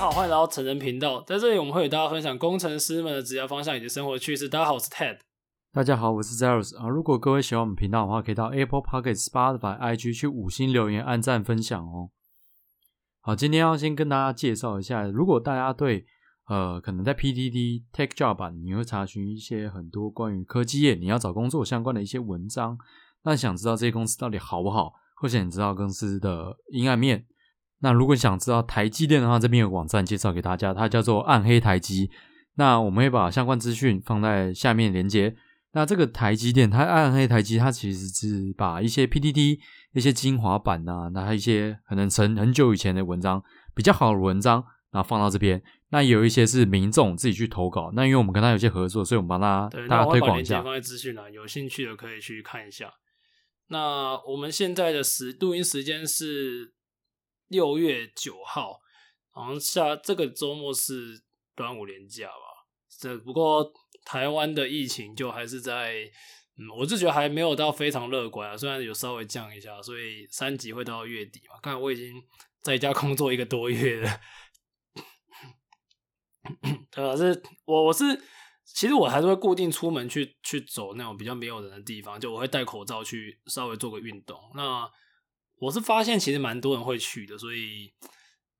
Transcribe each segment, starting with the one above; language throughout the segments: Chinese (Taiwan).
大家好，歡迎來到程人頻道。在這裡，我們會與大家分享工程師們的職業方向以及生活趣事。大家好，我是 Ted。大家好，我是 Zeros 啊。如果各位喜歡我們頻道的話，可以到 Apple Podcast、Spotify、IG 去五星留言、按讚、分享哦。好，今天要先跟大家介紹一下，如果大家對呃，可能在 PTT Tech Job 版，你會查詢一些很多關於科技業你要找工作相關的一些文章。那想知道這些公司到底好不好，或者你知道公司的陰暗面？那如果想知道台積電的話，這邊有個網站介紹給大家，它叫做暗黑台積。那我們會把相關資訊放在下面連接。那這個台積電，它暗黑台積，它其實是把一些 PTT、一些精華版啊，那一些可能成很久以前的文章、比較好的文章，然後放到這邊。那有一些是民眾自己去投稿。那因為我們跟他有些合作，所以我們幫他，對，大家推廣一下，那放有興趣的可以去看一下。那我們現在的時錄音時間是，六月九號，好像下這個周末是端午連假吧。這不過台灣的疫情就還是在，嗯，我是覺得還沒有到非常樂觀啊，雖然有稍微降一下，所以三級會到月底嘛。看我已經在家工作一個多月了。呃、 啊，是我我是其實我還是會固定出門去去走那種比較沒有人的地方，就我會戴口罩去稍微做個運動。那。我是發現其實蠻多人會去的，所以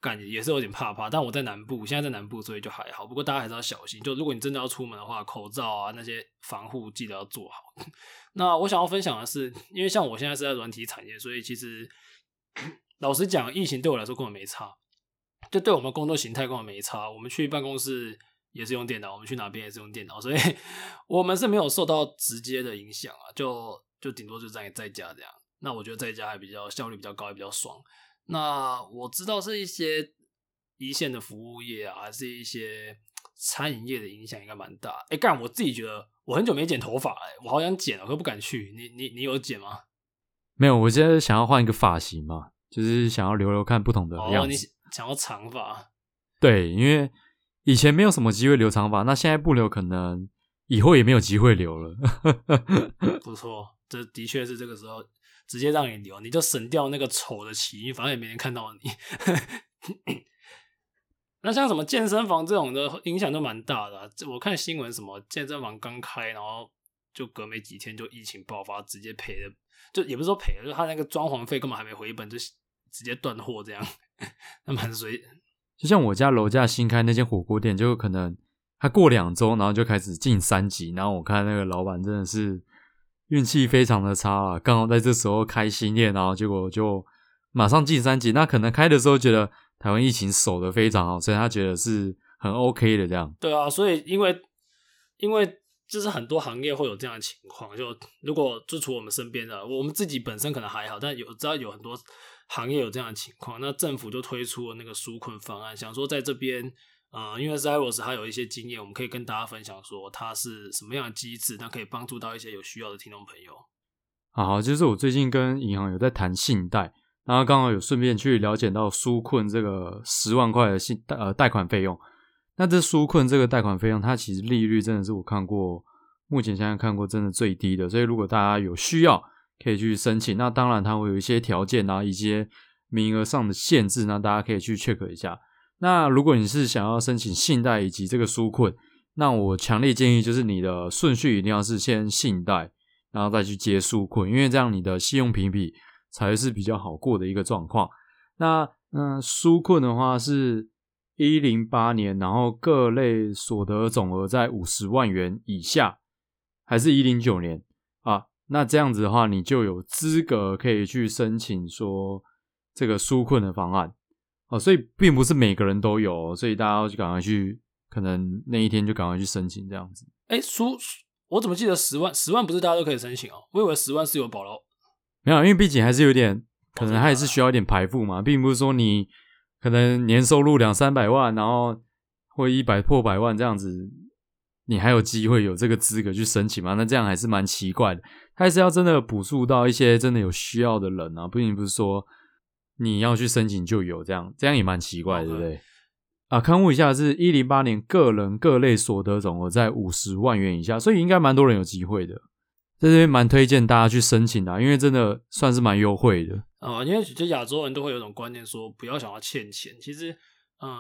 感覺也是有點怕怕。但我在南部，現在在南部，所以就還好。不過大家還是要小心。就如果你真的要出門的話，口罩啊那些防護記得要做好。 那我想要分享的是，因為像我現在是在軟體產業，所以其實老實講，疫情對我來說根本沒差。就對我們工作形態根本沒差。我們去辦公室也是用電腦，我們去哪邊也是用電腦，所以我們是沒有受到直接的影響啊。就就頂多就在在家這樣。那我覺得在家還比較效率，比較高，也比較爽。那我知道是一些一線的服務業啊，還是一些餐飲業的影響應該蠻大。哎，幹我自己覺得我很久沒剪頭髮了，我好想剪了，我都不敢去。你你你有剪嗎？沒有，我現在想要換一個髮型嘛，就是想要留留看不同的樣子。哦，你想要長髮？對，因為以前沒有什麼機會留長髮，那現在不留，可能以後也沒有機會留了。 不錯，這的確是這個時候。直接讓你留，你就省掉那個醜的奇，反正也沒人看到你。 那像什麼健身房這種的影響都蠻大的。啊，這我看新聞，什麼健身房剛開，然後就隔沒幾天就疫情爆發，直接賠的，就也不是說賠了，就是，他那個裝潢費根本還沒回本，就直接斷貨這樣。 那蠻衰，就像我家樓下新開那間火鍋店，就可能他過兩週，然後就開始進三級，然後我看那個老闆真的是。運氣非常的差啊，剛好在這時候開新業，然後結果就馬上進三級。那可能開的時候覺得台灣疫情守得非常好，所以他覺得是很 OK 的這樣。對啊，所以因為因為就是很多行業會有這樣的情況，就如果就除我們身邊的，我們自己本身可能還好，但有知道有很多行業有這樣的情況，那政府就推出了那個紓困方案，想說在這邊。呃、嗯，因為 z 我 r o 有一些經驗，我們可以跟大家分享說它是什麼樣的機制，它可以幫助到一些有需要的聽眾朋友。啊好好，就是我最近跟銀行有在談信貸，然後剛好有順便去了解到紓困這個十萬塊的信呃貸款費用。那這紓困這個貸款費用，它其實利率真的是我看過目前現在看過真的最低的。所以如果大家有需要，可以去申請。那當然它會有一些條件啊，然後一些名額上的限制，那大家可以去 check 一下。那如果你是想要申請信貸以及這個紓困，那我強烈建議就是你的順序一定要是先信貸，然後再去接紓困，因為這樣你的信用評比才是比較好過的一個狀況。那嗯，紓困的話是一零八年，然後各類所得總額在五十萬元以下，還是一零九年啊？那這樣子的話，你就有資格可以去申請說這個紓困的方案。哦，所以並不是每個人都有，所以大家要去趕快去，可能那一天就趕快去申請這樣子。哎、欸，輸我怎麼記得十萬十萬不是大家都可以申請哦？我以為十萬是有保留。沒有，因為畢竟還是有點，可能還是需要一點排富嘛、哦啊，並不是說你可能年收入兩三百萬，然後或一百破百萬這樣子，你還有機會有這個資格去申請嗎？那這樣還是蠻奇怪的，還是要真的補助到一些真的有需要的人啊，不僅不是說。你要去申請就有這樣，這樣也蠻奇怪對不對、嗯？啊，勘誤一下，是一零八年個人各類所得總額在五十萬元以下，所以應該蠻多人有機會的。在這邊蠻推薦大家去申請的、啊，因為真的算是蠻優惠的啊、嗯。因為其實亞洲人都會有一種觀念，說不要想要欠錢。其實，嗯，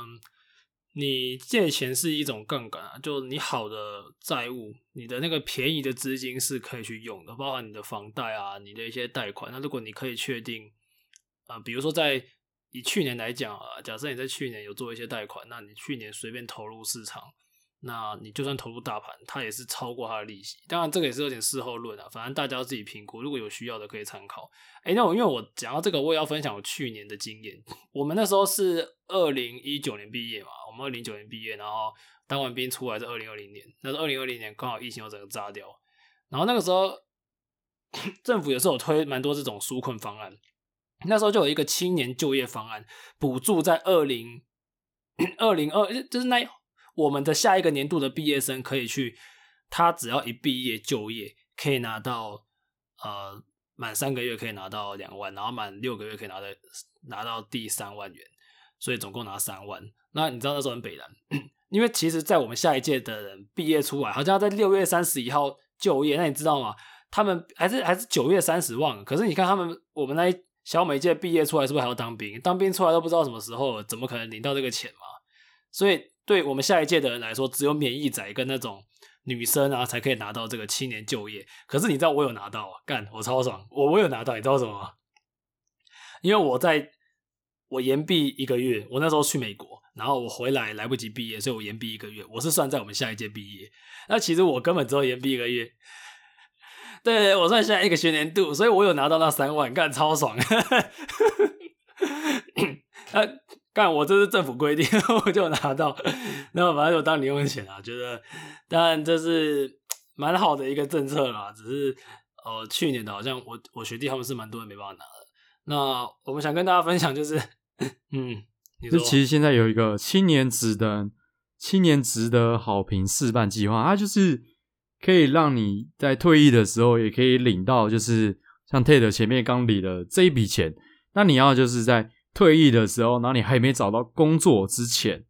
你借錢是一種槓桿啊，就你好的債務，你的那個便宜的資金是可以去用的，包括你的房貸啊，你的一些貸款。那如果你可以確定。啊、呃，比如說在以去年來講啊，假設你在去年有做一些貸款，那你去年隨便投入市場，那你就算投入大盤，它也是超過它的利息。當然，這個也是有點事後論啊，反正大家自己評估，如果有需要的可以參考。哎、欸，那我因為我講到這個，我也要分享我去年的經驗。我們那時候是二零一九年畢業嘛，我們二零一九年畢業，然後當完兵出來是二零二零年，那是二零二零年剛好疫情又整個炸掉，然後那個時候政府也是有推蠻多這種紓困方案。那時候就有一個青年就業方案補助，在二零二零二就是那我們的下一個年度的畢業生可以去，他只要一畢業就業，可以拿到呃滿三個月可以拿到兩萬，然後滿六個月可以拿到拿到第三萬元，所以總共拿三萬。那你知道那時候很北爛，因為其實在我們下一屆的人畢業出來，好像在六月三十一號就業，那你知道嗎？他們還是還是九月三十萬，可是你看他們我們那。小美屆畢業出來是不是還要當兵？當兵出來都不知道什麼時候，怎麼可能領到這個錢嘛？所以對我們下一屆的人來說，只有免疫仔跟那種女生啊才可以拿到這個青年就業。可是你知道我有拿到、啊，幹，我超爽，我我有拿到，你知道為什麼嗎？因為我在我延畢一個月，我那時候去美國，然後我回來來不及畢業，所以我延畢一個月，我是算在我們下一屆畢業。那其實我根本只有延畢一個月。對，我算現在一個學年度，所以我有拿到那三萬，幹超爽。呃、 啊，幹我這是政府規定，我就拿到，那反正就當零用錢啊。覺得，當然這是蠻好的一個政策啦，只是，呃，去年的好像我我學弟他們是蠻多人沒辦法拿的。那我們想跟大家分享就是，嗯，你說其實現在有一個青年職得青年職得好評試辦計畫，它就是。可以讓你在退役的時候，也可以領到，就是像 Ted 前面剛領的這一筆錢。那你要就是在退役的時候，然後你還沒找到工作之前，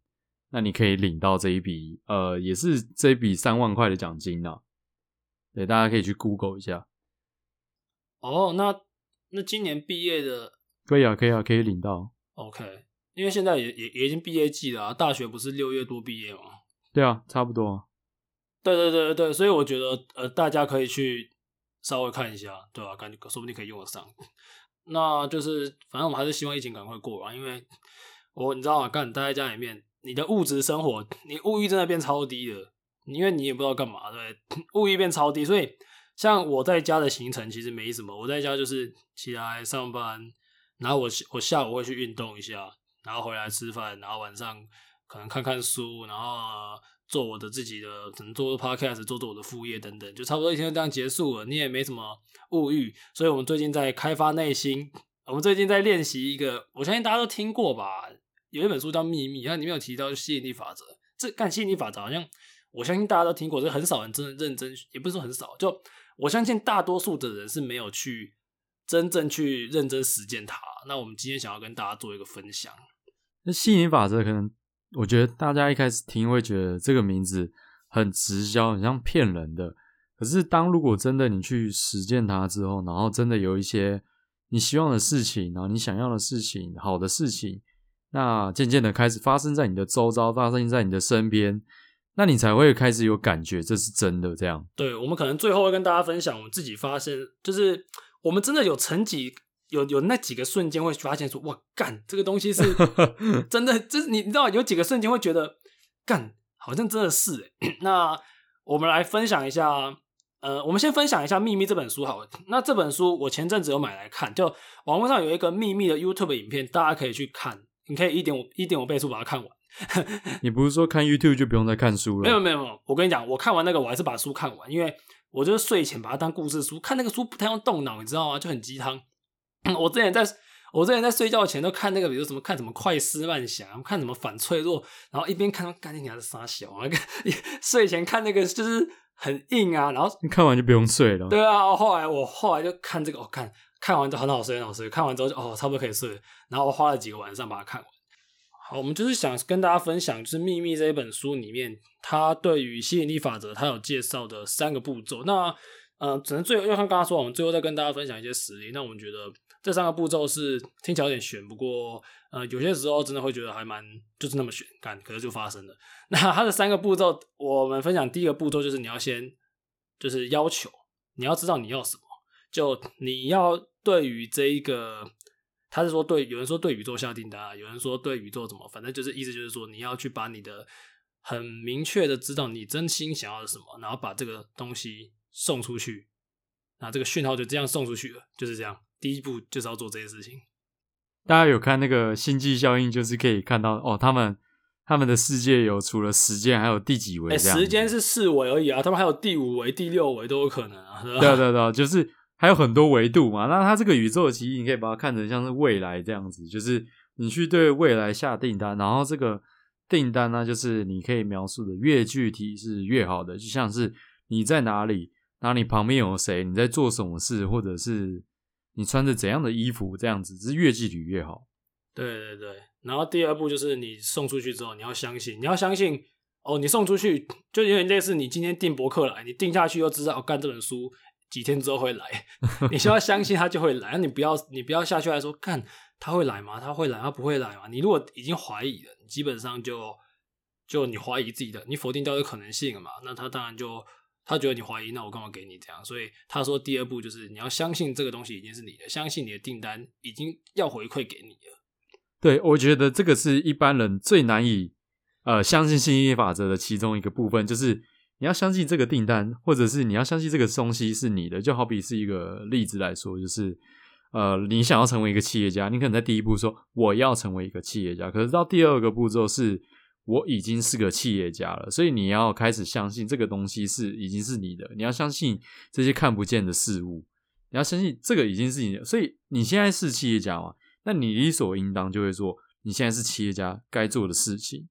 那你可以領到這一筆，呃，也是這一筆三萬塊的獎金呢、啊。對，大家可以去 Google 一下。哦、oh,，那那今年畢業的可以啊，可以啊，可以領到。OK，因為現在也也也已經畢業季了啊，大學不是六月多畢業嗎？對啊，差不多。對對對對對，所以我覺得呃，大家可以去稍微看一下，對吧、啊？感覺說不定可以用得上。那就是反正我們還是希望疫情趕快過啊，因為我你知道嗎，幹待在家裡面，你的物質生活，你物欲真的變超低了。因為你也不知道幹嘛，對，物欲變超低。所以像我在家的行程其實沒什麼，我在家就是起來上班，然後我我下午會去運動一下，然後回來吃飯，然後晚上可能看看書，然後、呃。做我的自己的，可能做做 podcast，做做我的副業等等，就差不多一天就這樣結束了。你也沒什麼物欲，所以我們最近在開發內心，我們最近在練習一個，我相信大家都聽過吧？有一本書叫《秘密》，然後裡面有提到吸引力法則。這看吸引力法則，好像我相信大家都聽過，這很少人真的認真，也不是說很少，就我相信大多數的人是沒有去真正去認真實踐它。那我們今天想要跟大家做一個分享，那吸引力法則可能。我覺得大家一開始聽會覺得這個名字很直銷，很像騙人的。可是，當如果真的你去實踐它之後，然後真的有一些你希望的事情，然後你想要的事情，好的事情，那漸漸的開始發生在你的周遭，發生在你的身邊，那你才會開始有感覺，這是真的這樣。對，我們可能最後會跟大家分享，我們自己發現，就是我們真的有成績。有有那幾個瞬間會發現說，哇，幹這個東西是真的，這、就是你知道，有幾個瞬間會覺得，幹好像真的是、欸、 那我們來分享一下，呃，我們先分享一下《秘密》這本書好了。那這本書我前陣子有買來看，就網絡上有一個《秘密》的 YouTube 影片，大家可以去看，你可以一點五一點五倍速把它看完。 你不是說看 YouTube 就不用再看書了？沒有沒有沒有，我跟你講，我看完那個，我還是把書看完，因為我就是睡前把它當故事書看，那個書不太用動腦，你知道嗎？就很雞湯。 我之前在，我之前在睡覺前都看那個，比如什麼看什麼快思慢想，看什麼反脆弱，然後一邊看，趕緊給他撒小。睡前看那個就是很硬啊，然後你看完就不用睡了。對啊，哦、後來我後來就看這個，哦、看看完就很好睡，很好睡。看完之後就哦，差不多可以睡。然後我花了幾個晚上把它看完。好，我們就是想跟大家分享，就是《祕密》這一本書裡面，它對於吸引力法則它有介紹的三個步驟。那呃，只能最後就像剛剛說，我們最後再跟大家分享一些實例。那我們覺得。這三個步驟是聽起來有點懸，不過呃，有些時候真的會覺得還蠻就是那麼懸，但可能就發生了。那它的三個步驟，我們分享第一個步驟就是你要先就是要求，你要知道你要什麼，就你要對於這一個，他是說對，有人說對宇宙下訂單啊，有人說對宇宙怎麼，反正就是意思就是說你要去把你的很明確的知道你真心想要的什麼，然後把這個東西送出去，那這個訊號就這樣送出去了，就是這樣。第一步就是要做這些事情。大家有看那個《星際效應》，就是可以看到哦，他們他們的世界有除了時間還有第幾維。欸，時間是四維而已啊，他們還有第五維、第六維都有可能啊，對吧？對對對，就是還有很多維度嘛。那它這個宇宙其實你可以把它看成像是未來這樣子，就是你去對未來下訂單，然後這個訂單呢，就是你可以描述的越具體是越好的，就像是你在哪裡，然後你旁邊有誰，你在做什麼事，或者是。你穿着怎樣的衣服，這樣子，只是越具體越好。對對對，然後第二步就是你送出去之後，你要相信，你要相信哦，你送出去就因為類似你今天訂博客來，你訂下去就知道，干、哦、這本書幾天之後會來，你需要相信他就會來，你不要你不要下去來說，看他會來嗎？他會來，他不會來嗎？你如果已經懷疑了，你基本上就就你懷疑自己的，你否定掉的可能性了嘛，那他當然就。他覺得你懷疑，那我幹嘛給你這樣？所以他說，第二步就是你要相信這個東西已經是你的，相信你的訂單已經要回饋給你了。對，我覺得這個是一般人最難以呃相信吸引力法則的其中一個部分，就是你要相信這個訂單，或者是你要相信這個東西是你的。就好比是一個例子來說，就是呃，你想要成為一個企業家，你可能在第一步說我要成為一個企業家，可是到第二個步驟是。我已經是個企業家了，所以你要開始相信這個東西是已經是你的。你要相信這些看不見的事物，你要相信這個已經是你的。所以你現在是企業家嘛，那你理所應當就會做你現在是企業家該做的事情，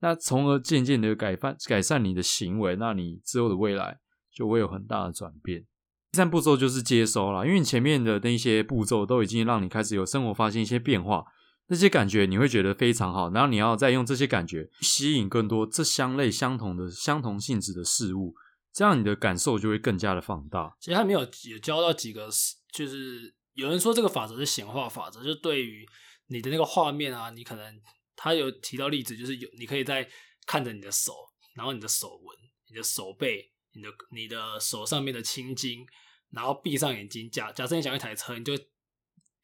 那從而漸漸的改善改善，你的行為，那你之後的未來就會有很大的轉變。第三步驟就是接收了，因為前面的那些步驟都已經讓你開始有生活發現一些變化。這些感覺你會覺得非常好，然後你要再用這些感覺吸引更多這相類相同的相同性質的事物，這樣你的感受就會更加的放大。其實還沒有有教到幾個，就是有人說這個法則是顯化法則，就對於你的那個畫面啊，你可能他有提到例子，就是有你可以在看着你的手，然後你的手紋、你的手背、你的你的手上面的青筋，然後閉上眼睛，假假設你想一台車，你就。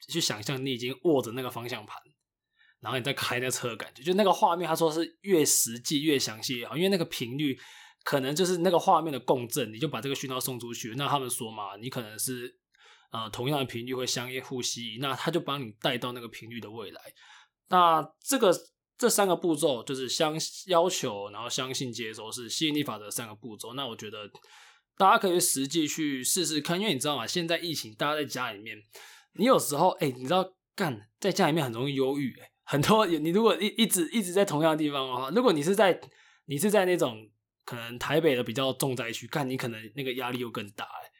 去想象你已經握着那個方向盤，然後你在開那車的感覺，就那個畫面。他說是越實際越詳細越好，因為那個頻率可能就是那個畫面的共振，你就把這個訊號送出去。那他們說嘛，你可能是呃同樣的頻率會相應呼吸，那他就幫你帶到那個頻率的未來。那這個這三個步驟就是相要求，然後相信接收是吸引力法則的三個步驟。那我覺得大家可以實際去試試看，因為你知道嘛，現在疫情大家在家裡面。你有時候哎、欸，你知道幹在家裡面很容易憂鬱哎，很多你如果一一直一直在同樣的地方的話，如果你是在你是在那種可能台北的比較重災區，幹你可能那個壓力又更大哎、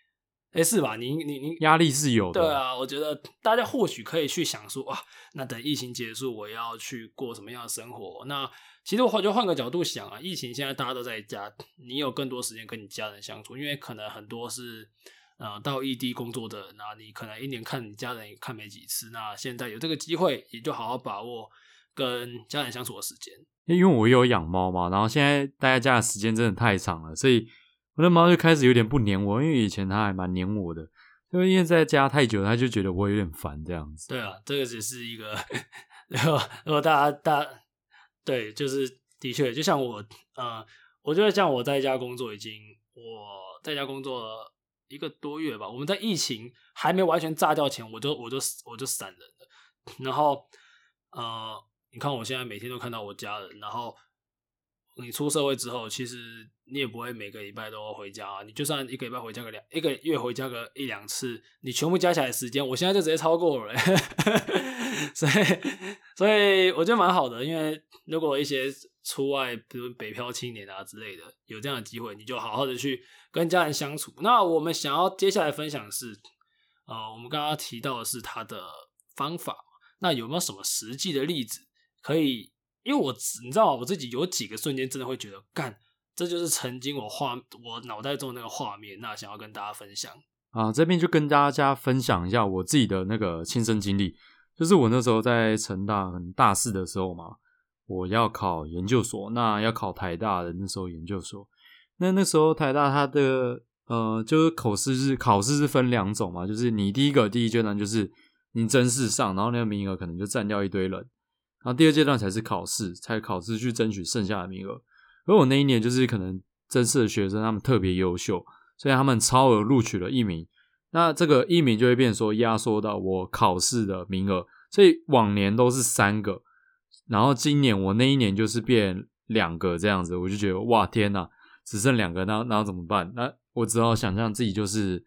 欸欸、是吧？你你你壓力是有。對啊，我覺得大家或許可以去想說啊，那等疫情結束，我要去過什麼樣的生活？那其實我就換個角度想啊，疫情現在大家都在家，你有更多時間跟你家人相處，因為可能很多是。呃，到異地工作的人，那你可能一年看你家人看沒幾次。那現在有這個機會，也就好好把握跟家人相處的時間。欸，因為我有養貓嘛，然後現在待在家的時間真的太長了，所以我的貓就開始有點不黏我。因為以前它還蠻黏我的，就因為在家太久，它就覺得我有點煩這樣子。對啊，這個只是一個，然後大家大家對，就是的確，就像我，呃，我覺得像我在家工作已經，我在家工作。一個多月吧，我們在疫情還沒完全炸掉前，我就我就我就散人了。然後，呃，你看我現在每天都看到我家人。然後，你出社會之後，其實你也不會每個禮拜都回家啊，你就算一個禮拜回家個兩，一個月回家個一兩次，你全部加起來的時間，我現在就直接超過了 所以，所以我覺得蠻好的，因為如果一些。出外，比如北漂青年啊之類的，有這樣的機會，你就好好的去跟家人相處。那我們想要接下來分享的是，呃，我們剛剛提到的是他的方法，那有沒有什麼實際的例子可以？因為我，你知道，我自己有幾個瞬間真的會覺得，幹，這就是曾經我畫我腦袋中那個畫面。那想要跟大家分享啊，這邊就跟大家分享一下我自己的那個親身經歷，就是我那時候在成大很大四的時候嘛。我要考研究所，那要考台大的那時候研究所，那那時候台大它的呃就是考試是考試是分兩種嘛，就是你第一個第一階段就是你甄試上，然後那個名額可能就佔掉一堆人，然後第二階段才是考試，才考試去爭取剩下的名額。而我那一年就是可能甄試的學生他們特別優秀，所以他們超額錄取了一名，那這個一名就會變說壓縮到我考試的名額，所以往年都是三個。然後今年我那一年就是變兩個這樣子，我就覺得哇天吶，只剩兩個，那那怎麼辦？那我只好想象自己就是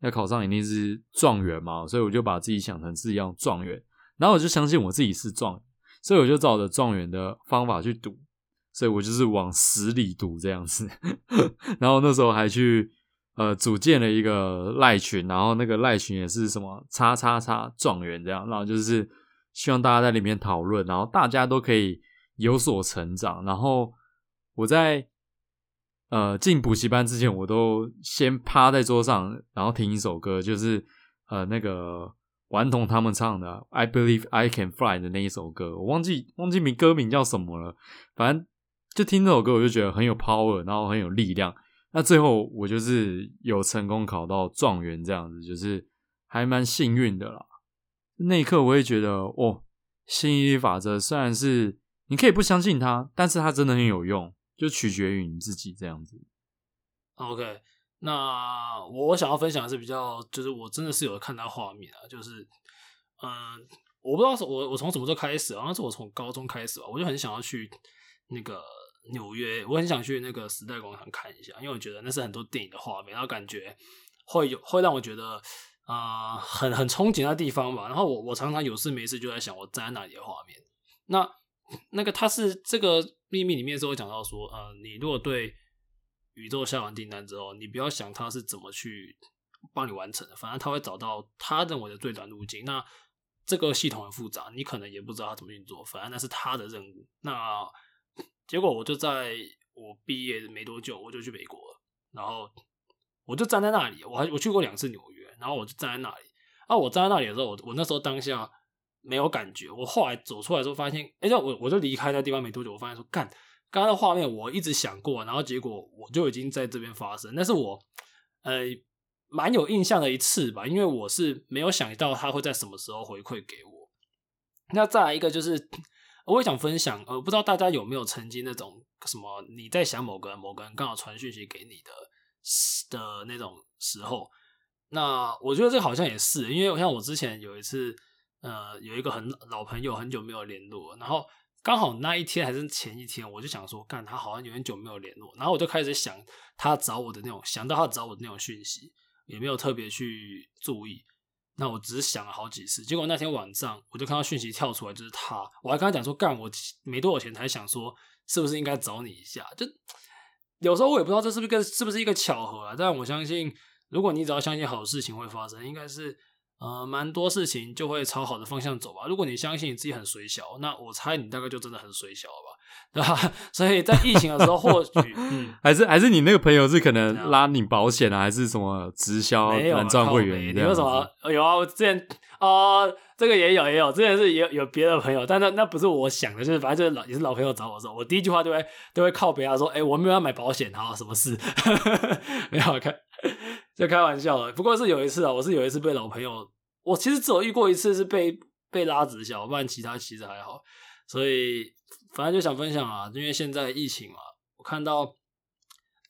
要考上，一定是狀元嘛，所以我就把自己想成自己要狀元，然後我就相信我自己是狀元，所以我就照著狀元的方法去讀，所以我就是往死裡讀，這樣子呵呵，然後那時候還去呃組建了一個賴群，然後那個賴群也是什麼叉叉叉狀元這樣，然後就是。希望大家在裡面討論，然後大家都可以有所成長。然後我在呃進補習班之前，我都先趴在桌上，然後聽一首歌，就是呃那個頑童他們唱的《I Believe I Can Fly》的那一首歌，我忘記忘記名歌名叫什麼了。反正就聽這首歌，我就覺得很有 power，然後很有力量。那最後我就是有成功考到狀元這樣子，就是還蠻幸運的啦。那一刻，我也覺得哦，吸引力法則雖然是你可以不相信它，但是它真的很有用，就取決於你自己這樣子。OK，那我想要分享的是比較，就是我真的是有看到畫面啊，就是嗯，我不知道我我從什麼時候開始，啊，那是我從高中開始吧，我就很想要去那個紐約，我很想去那個時代廣場看一下，因為我覺得那是很多電影的畫面，然後感覺會有會讓我覺得。呃，很很憧憬的地方吧。然後我我常常有事沒事就在想我站在那裡的畫面。那那個他是這個秘密裡面是會講到說，呃，你如果對宇宙下完訂單之後，你不要想他是怎麼去幫你完成的，反正他會找到他認為的最短路徑。那這個系統很複雜，你可能也不知道他怎麼運作，反正那是他的任務。那結果我就在我畢業沒多久，我就去美國了，然後我就站在那裡，我還我去過兩次紐約。然後我就站在那裡。啊，我站在那裡的時候，我我那時候當下沒有感覺。我後來走出來的時候，發現，哎，我我就離開那地方沒多久，我發現說，幹，剛剛的畫面我一直想過。然後結果我就已經在這邊發生。那是我呃蠻有印象的一次吧，因為我是沒有想到他會在什麼時候回饋給我。那再來一個，就是我也想分享，呃，不知道大家有沒有曾經那種什麼你在想某個人，某個人剛好傳訊息給你的的那種時候。那我覺得這個好像也是，因為我像我之前有一次，呃，有一個很老朋友很久沒有聯絡，然後剛好那一天還是前一天，我就想說，幹他好像有點久沒有聯絡，然後我就開始想他找我的那種，想到他找我的那種訊息，也沒有特別去注意。那我只是想了好幾次，結果那天晚上我就看到訊息跳出來，就是他，我還跟他講說，幹我沒多少錢，才想說是不是應該找你一下。就有時候我也不知道這是不是跟是不是一個巧合啊，但我相信。如果你只要相信好事情會發生，應該是呃蠻多事情就會朝好的方向走吧。如果你相信你自己很衰小，那我猜你大概就真的很衰小吧，對吧？所以在疫情的時候， 或許、嗯、還是還是你那個朋友是可能拉你保險啊，還是什麼直銷能賺會員沒有、啊？你有什麼？有啊，我之前哦、呃，這個也有也有，之前是有有別的朋友，但是那，那不是我想的，就是反正就是老也是老朋友找我說，我第一句話都會都會靠北啊說哎、欸，我沒有要買保險啊，什麼事？ 沒好看。在開玩笑的，不過是有一次啊，我是有一次被老朋友，我其實只有遇過一次是被被拉直的小夥伴，其他其實還好，所以反正就想分享啊，因為現在疫情嘛、啊，我看到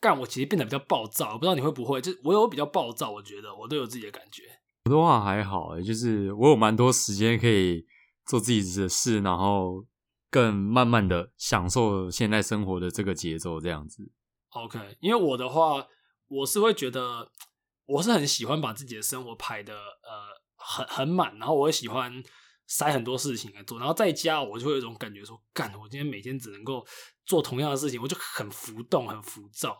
干我其實變得比較暴躁，我不知道你會不會，就我有比較暴躁，我覺得我都有自己的感覺。我的話還好、欸，就是我有蠻多時間可以做自己的事，然後更慢慢的享受現在生活的這個節奏，這樣子。OK，因為我的話，我是會覺得。我是很喜歡把自己的生活排得呃很很滿，然後我也喜歡塞很多事情來做。然後在家我就會有一種感覺說，幹，我今天每天只能夠做同樣的事情，我就很浮動，很浮躁。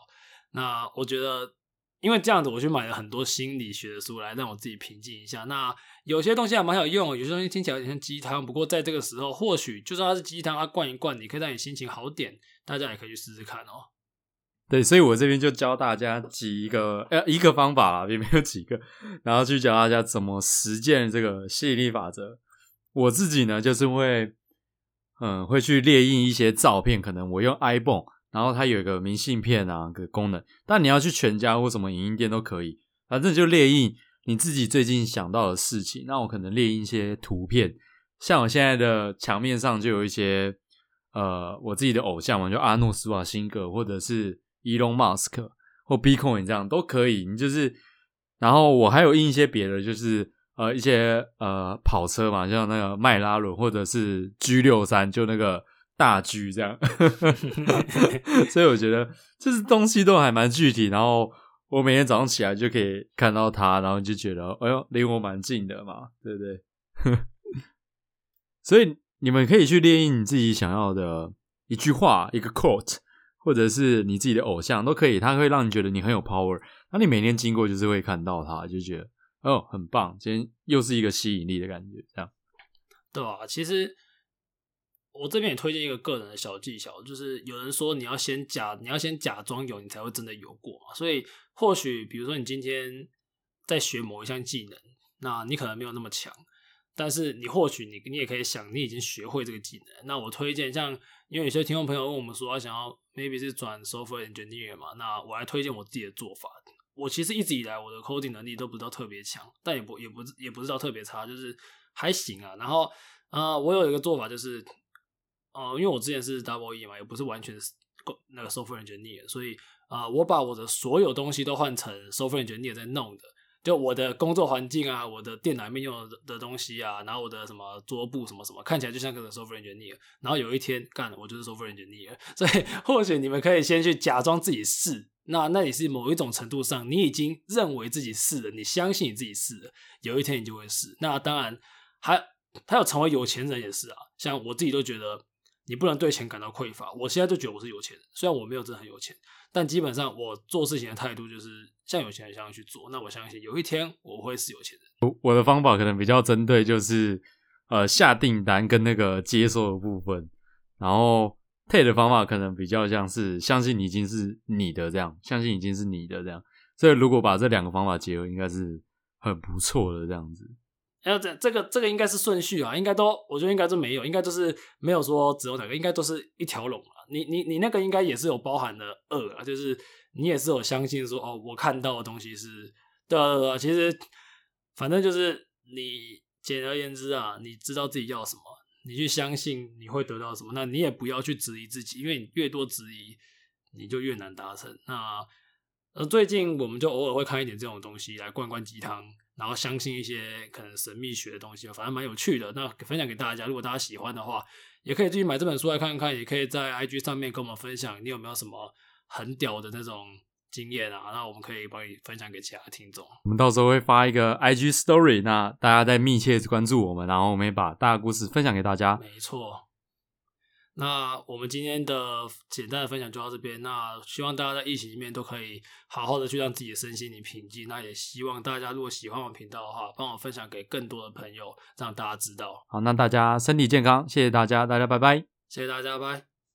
那我覺得，因為這樣子，我去買了很多心理學的書來讓我自己平靜一下。那有些東西還蠻有用，有些東西聽起來有點像雞湯。不過在這個時候，或許就算它是雞湯，它、啊、灌一灌，你可以讓你心情好點。大家也可以去試試看哦。對，所以我這邊就教大家幾一個呃、欸、一個方法啦，並沒有幾個，然後去教大家怎麼實踐這個吸引力法則。我自己呢，就是會嗯會去列印一些照片，可能我用 ibon，然後它有一個明信片啊個功能，但你要去全家或什麼影印店都可以，反正就列印你自己最近想到的事情。那我可能列印一些圖片，像我現在的牆面上就有一些呃我自己的偶像嘛，就阿諾斯瓦辛格，或者是。伊隆馬斯克或 B 孔，你這樣都可以。你就是，然後我還有印一些別的，就是呃一些呃跑車嘛，像那個邁拉倫或者是 G 六三，就那個大 G 這樣。 所以我覺得就是東西都還蠻具體。然後我每天早上起來就可以看到它，然後你就覺得哎呦離我蠻近的嘛，對不對？ 所以你們可以去列印你自己想要的一句話，一個 quote。或者是你自己的偶像都可以，他會讓你覺得你很有 power。那你每天經過就是會看到他，就覺得哦，很棒，今天又是一個吸引力的感覺，這樣，對吧、啊？其實我這邊也推薦一個個人的小技巧，就是有人說你要先假，你要先假裝有，你才會真的有過。所以或許比如說你今天在學某一項技能，那你可能沒有那麼強，但是你或許你你也可以想你已經學會這個技能。那我推薦，像因為有些聽眾朋友問我們說要想要。maybe 是轉 software engineer 嘛？那我來推薦我自己的做法。我其實一直以來我的 coding 能力都不知道特別強，但也不也不也不是到特別差，就是還行啊。然後啊、呃、我有一個做法就是，哦、呃，因為我之前是 double E 嘛，也不是完全是那個 software engineer，所以啊、呃，我把我的所有東西都換成 software engineer 在弄的。就我的工作環境啊，我的電腦裡面用的的東西啊，然後我的什麼桌布什麼什麼，看起來就像個 software engineer。然後有一天，幹了我就是 software engineer。所以，或許你們可以先去假裝自己是，那那也是某一種程度上，你已經認為自己是了，你相信你自己是了，有一天你就會是。那當然，還還有成為有錢人也是啊，像我自己都覺得。你不能對錢感到匱乏。我現在就覺得我是有錢人，雖然我沒有真的很有錢，但基本上我做事情的態度就是像有錢人一樣去做。那我相信有一天我會是有錢人。我，我的方法可能比較針對就是，呃，下訂單跟那個接受的部分。然後 Tay 的方法可能比較像是相信已經是你的這樣，相信已經是你的這樣。所以，如果把這兩個方法結合，應該是很不錯的這樣子。哎，這這個這個應該是順序啊，應該都，我覺得應該是沒有，應該都是沒有說只有兩個，應該都是一條龍啊。你你你那個應該也是有包含的二啊，就是你也是有相信說哦，我看到的東西是對、啊、對、啊、對、啊。其實反正就是你，簡而言之啊，你知道自己要什麼，你去相信你會得到什麼，那你也不要去質疑自己，因為你越多質疑，你就越難達成。那。呃，最近我們就偶爾會看一點這種東西來灌灌雞湯，然後相信一些可能神秘學的東西，反正蠻有趣的。那分享給大家，如果大家喜歡的話，也可以自己買這本書來看看，也可以在 IG 上面跟我們分享你有沒有什麼很屌的那種經驗啊，那我們可以幫你分享給其他聽眾。我們到時候會發一個 IG Story，那大家再密切關注我們，然後我們也把大家故事分享給大家。沒錯。那我們今天的簡單的分享就到這邊。那希望大家在疫情裡面都可以好好的去讓自己的身心靈平靜。那也希望大家如果喜歡我頻道的話，幫我分享給更多的朋友，讓大家知道。好，那大家身體健康，謝謝大家，大家拜拜，謝謝大家，拜拜。Bye.